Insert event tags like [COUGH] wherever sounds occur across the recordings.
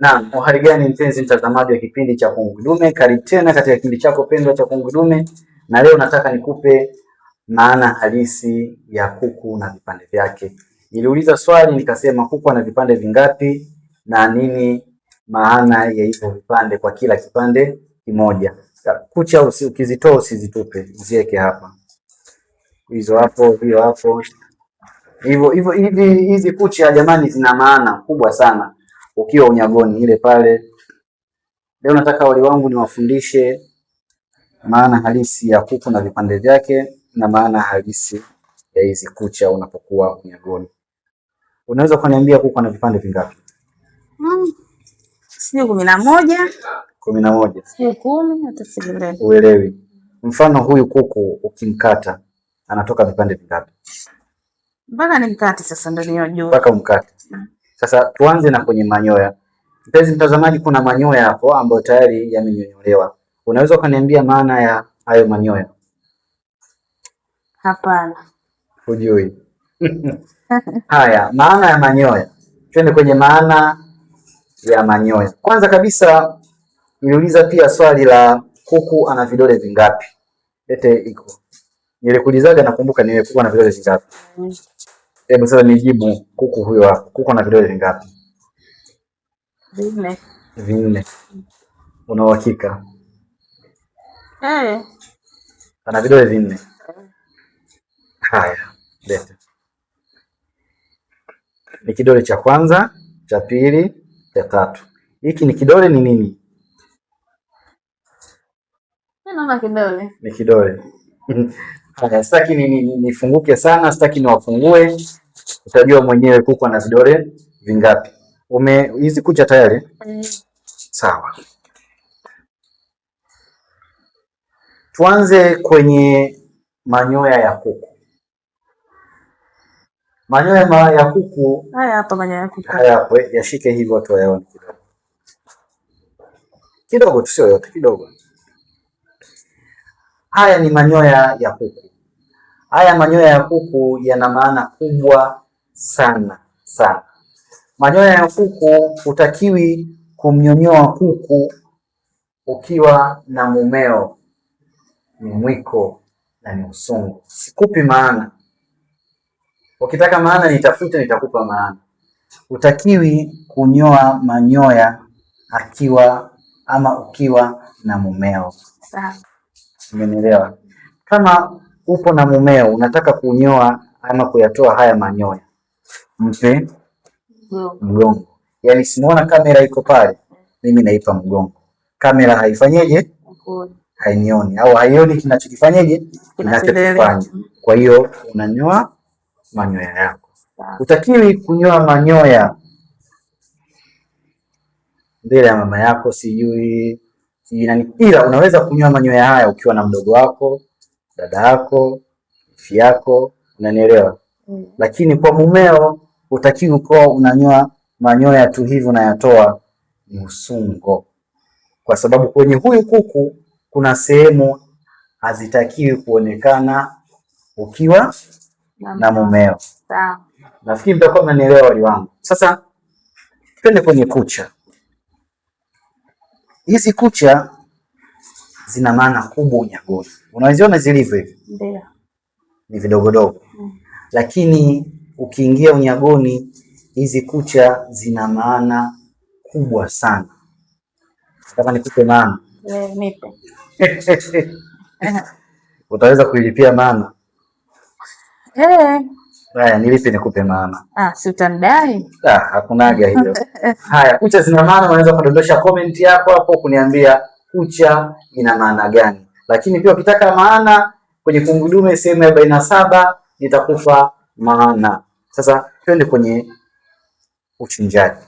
Naam, hali gani mpenzi mtazamaji wa kipindi cha Kungudume? Dume, karibu tena katika kipindi chako pendwa cha Kungudume. na leo nataka nikupe maana halisi ya kuku na vipande vyake. Niliuliza swali nikasema, kuku ana vipande vingapi na nini maana ya hivyo vipande kwa kila kipande kimoja? Kucha usi, ukizitoa usizitupe, uziweke hapa, hizo hapo, hiyo hapo, hivyo hivyo. Hivi hizi kucha jamani, zina maana kubwa sana ukiwa unyagoni ile pale. Leo nataka wali wangu niwafundishe maana halisi ya kuku na vipande vyake na maana halisi ya hizi kucha unapokuwa unyagoni. Unaweza kuniambia kuku ana vipande vingapi? Mm. Sio kumi na moja. Kumi na moja. Sio kumi, hata sielewi. Uelewi. Mfano huyu kuku ukimkata anatoka vipande vingapi? Mpaka nimkate sasa ndio nijue. Mpaka umkate. Hmm. Sasa tuanze na kwenye manyoya. Mpenzi mtazamaji, kuna manyoya hapo ambayo tayari yamenyonyolewa. Unaweza ukaniambia maana ya hayo manyoya? Hapana, hujui. [LAUGHS] Haya, maana ya manyoya, twende kwenye maana ya manyoya. Kwanza kabisa niliuliza pia swali la kuku ana vidole vingapi? Lete iko nilikuulizaga, nakumbuka nilikuwa na vidole vingapi? Mm. Hebu eh, sasa nijibu kuku huyo hapo. Kuku ana vidole vingapi? Vinne. Vinne. Una uhakika? Eh. Ana vidole vinne. Eh. Haya, lete. Ni kidole cha kwanza, cha pili, cha tatu. Hiki ni kidole ni nini? Naona kidole. Ni kidole. [LAUGHS] Sitaki nifunguke ni, ni sana, sitaki niwafungue. Utajua mwenyewe kuku ana vidole vingapi. Ume hizi kucha tayari? Mm. Sawa. Tuanze kwenye manyoya ya kuku. Manyoya ya kuku haya hapa, manyoya ya kuku haya hapo, eh, yashike hivi watu wayaone kidogo kidogo tu, sio yote, kidogo. Haya ni manyoya ya kuku. Haya manyoya ya kuku yana maana kubwa sana sana. Manyoya ya kuku, hutakiwi kumnyonyoa kuku ukiwa na mumeo ni mwiko na ni usungu. Sikupi maana, ukitaka maana nitafute, nitakupa maana. Hutakiwi kunyoa manyoya akiwa ama ukiwa na mumeo. Umenielewa? Kama upo na mumeo, unataka kunyoa ama kuyatoa haya manyoya, mpe mgongo. Yani simuona kamera iko pale, mimi naipa mgongo. Kamera haifanyeje? Hainioni au haioni kinachokifanyeje, kinachokifanya. Kwa hiyo unanyoa manyoya yako, utakiwi kunyoa manyoya mbele ya mama yako, sijui sijui nani, ila unaweza kunyoa manyoya haya ukiwa na mdogo wako dada yako, fi yako, unanielewa mm. Lakini kwa mumeo utakii kuwa unanyoa manyoya tu hivi unayatoa msungo, kwa sababu kwenye huyu kuku kuna sehemu hazitakiwi kuonekana ukiwa Mama. na mumeo. Sawa, nafikiri mtakuwa mnanielewa wali wangu. Sasa twende kwenye kucha. Hizi kucha zina maana kubwa unyagoni unaziona zilivyo hivi ndio ni vidogodogo mm. Lakini ukiingia unyagoni hizi kucha zina maana kubwa sana. Nataka nikupe maana [LAUGHS] utaweza kuilipia maana? Eh. Haya, nilipe nikupe maana. Ah, si utanidai? Ah, hakunaga hiyo. [LAUGHS] Haya, kucha zina maana, unaweza kudondosha comment yako hapo kuniambia kucha ina maana gani? lakini pia ukitaka maana kwenye fungu dume sehemu ya arobaini na saba nitakufa maana. Sasa twende kwenye uchinjaji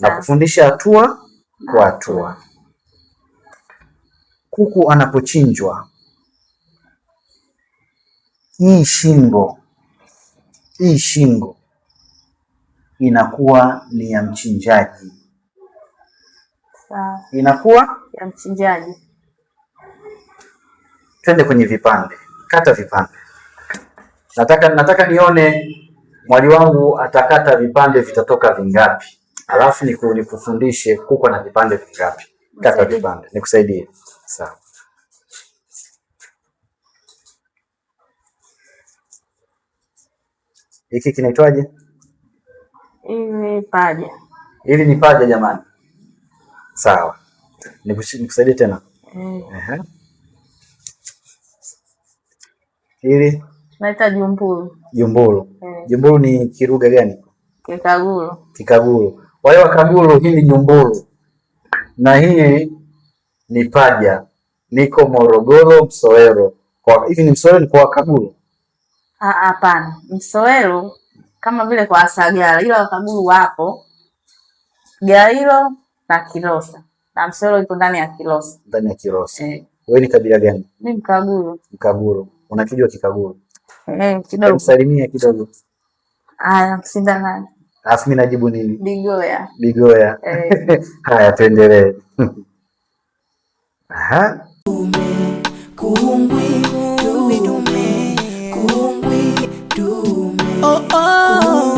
na kufundisha hatua kwa hatua. Kuku anapochinjwa, hii shingo hii shingo inakuwa ni ya mchinjaji, inakuwa ya mchinjaji twende kwenye vipande, kata vipande. Nataka nataka nione mwali wangu atakata vipande vitatoka vingapi, alafu niku, nikufundishe kuko na vipande vingapi. Kata vipande, nikusaidie. Sawa. Hiki kinaitwaje? Hili paja. Hili ni paja jamani. Sawa. Nikusaidie tena. Mm. Uh eh. -huh. Hili naita jumburu. Jumburu, hmm. Eh. Jumburu ni kiruga gani? Kikaguru. Kikaguru. Kwa hiyo Wakaguru, hii ni jumburu na hii ni paja. Niko Morogoro, Msowero. Kwa hivi ni Msowero, ni kwa Wakaguru? Ah, hapana, Msowero kama vile kwa Wasagara, ila Wakaguru wapo Gairo na Kilosa na Msowero iko ndani ya Kilosa. Ndani ya Kilosa. Eh. Wewe ni kabila gani? Mimi Mkaguru. Mkaguru unakijua kikaguru? Eh, kidogo. Msalimia kidogo. Aya, nani? Alafu mimi najibu nini? Bigoya. Bigoya. Eh. [LAUGHS] Haya, tuendelee. [LAUGHS] Aha. Kuungwi dume dume. Kuungwi dume. Oh oh.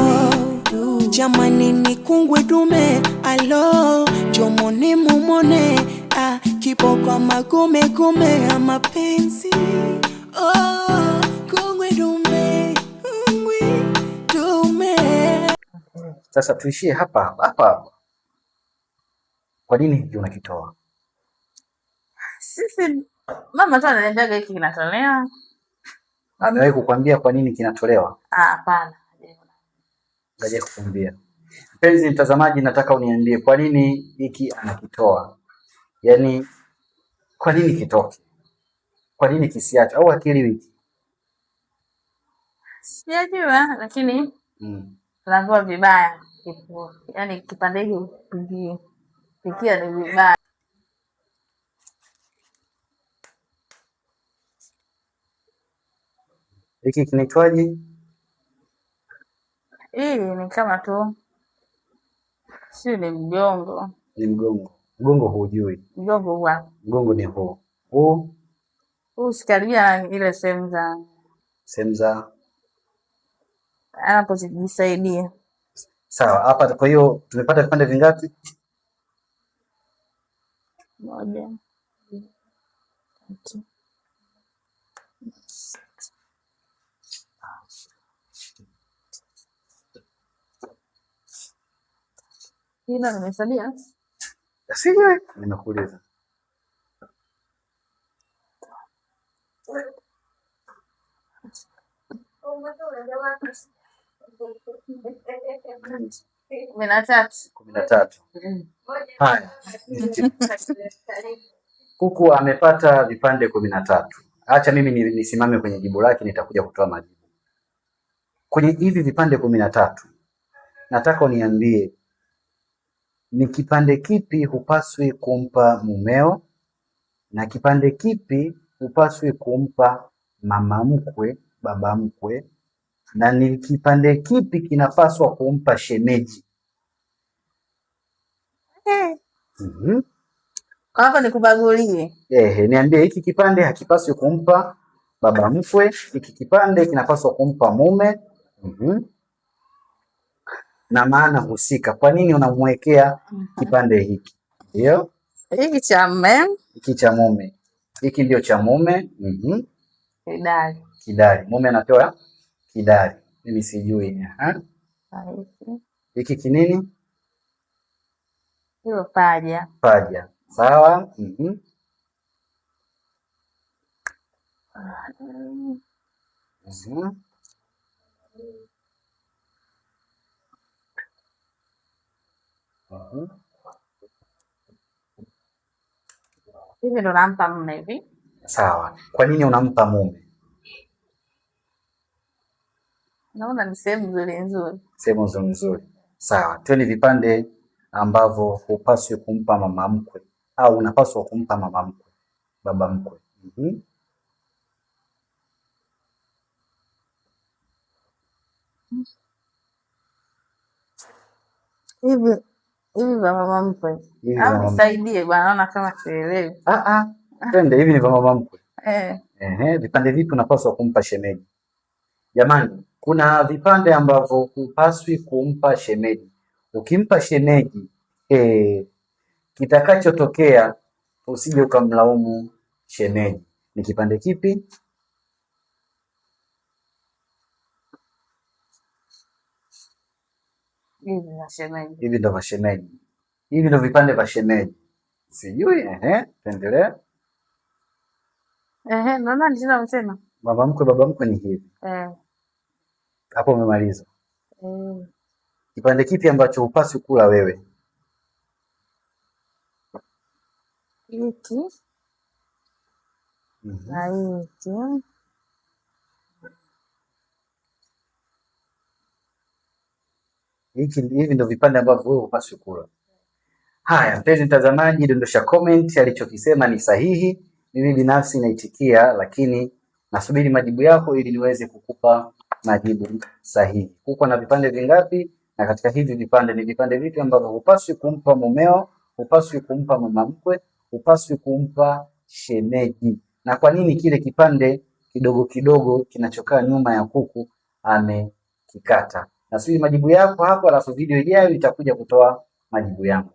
Jamani ni kungwi dume. Alo, jomoni mumone. Ah, kiboko magume gume ya mapenzi. Sasa tuishie hapa hapa Kwa nini hiki unakitoa? Sisi mama tu anaendaga hiki kinatolewa. Amewahi kukwambia kwa nini kinatolewa? Ah, hapana. Ngoja kukwambia. Mpenzi mtazamaji, nataka uniambie kwa nini hiki anakitoa, yaani kwa nini kitoke? Kwa nini kisiacho au akili wiki? Sijajua, lakini mm. Lazua vibaya, yaani kipande hiki pikia ni vibaya. Hiki kinaitwaje? Hii ni kama tu si ni mgongo, ni mgongo. Mgongo huujui? Mgongo huwa mgongo ni huu huu usikaribia ile sehemu za sehemu za anapozijisaidia. Sawa, hapa kwa hiyo tumepata vipande vingapi? Moja, tatu, hilo nimesalia, sivyo? Nimekuuliza kumi na tatu kumi na tatu Haya, kuku amepata vipande kumi na tatu Acha mimi nisimame kwenye jibu lake, nitakuja kutoa majibu kwenye hivi vipande kumi na tatu. Nataka uniambie ni kipande kipi hupaswi kumpa mumeo na kipande kipi hupaswi kumpa mama mkwe baba mkwe, na ni kipande kipi kinapaswa kumpa shemeji? Eh. mm nikubagulie. Eh, niambie hiki kipande hakipaswi kumpa baba mkwe, hiki kipande kinapaswa kumpa mume. Mm-hmm. Na maana husika, kwa nini unamwekea mhm. kipande hiki? Ndio hiki cha mume, hiki cha mume hiki ndio cha mume mm-hmm. Kidari, kidari mume anatoa kidari, mimi sijui ah, hiki kinini, hiyo paja, paja sawa mm-hmm. mm-hmm. mm-hmm. hivi ndo nampa mume hivi. Sawa, kwa nini unampa mume? Naona ni sehemu nzuri nzuri, sehemu nzuri nzuri. Sawa, twende vipande ambavyo hupaswi kumpa mama mkwe au unapaswa kumpa mama mkwe, baba mkwe. mm -hmm. Hivi hivi vya mama mkwe, nisaidie bwana, naona kama sielewi. Ah, ah. Twende hivi, ni vya mama mkwe eh. vipande vipi unapaswa kumpa shemeji? Jamani, kuna vipande ambavyo hupaswi kumpa shemeji. Ukimpa shemeji eh, kitakachotokea usije ukamlaumu shemeji. Ni kipande kipi? hivi ndo vashemeji, hivi ndo vipande vya shemeji. Sijui tuendelee. baba mkwe, baba mkwe ni hivi eh. hapo. Umemaliza eh. kipande kipi ambacho upasi kula wewe? Hiki mhm. na hiki hivi ndio vipande ambavyo wewe upaswi kula. Haya, mpenzi mtazamaji, dondosha comment, alichokisema ni sahihi. Mimi binafsi naitikia, lakini nasubiri majibu yako ili niweze kukupa majibu sahihi. Kuko na vipande vingapi, na katika hivi vipande ni vipande vipi ambavyo hupaswi kumpa mumeo, hupaswi kumpa mama mkwe, hupaswi kumpa shemeji, na kwa nini kile kipande kidogo kidogo kinachokaa nyuma ya kuku amekikata? na majibu yako hapo, alafu video ijayo itakuja kutoa majibu yangu.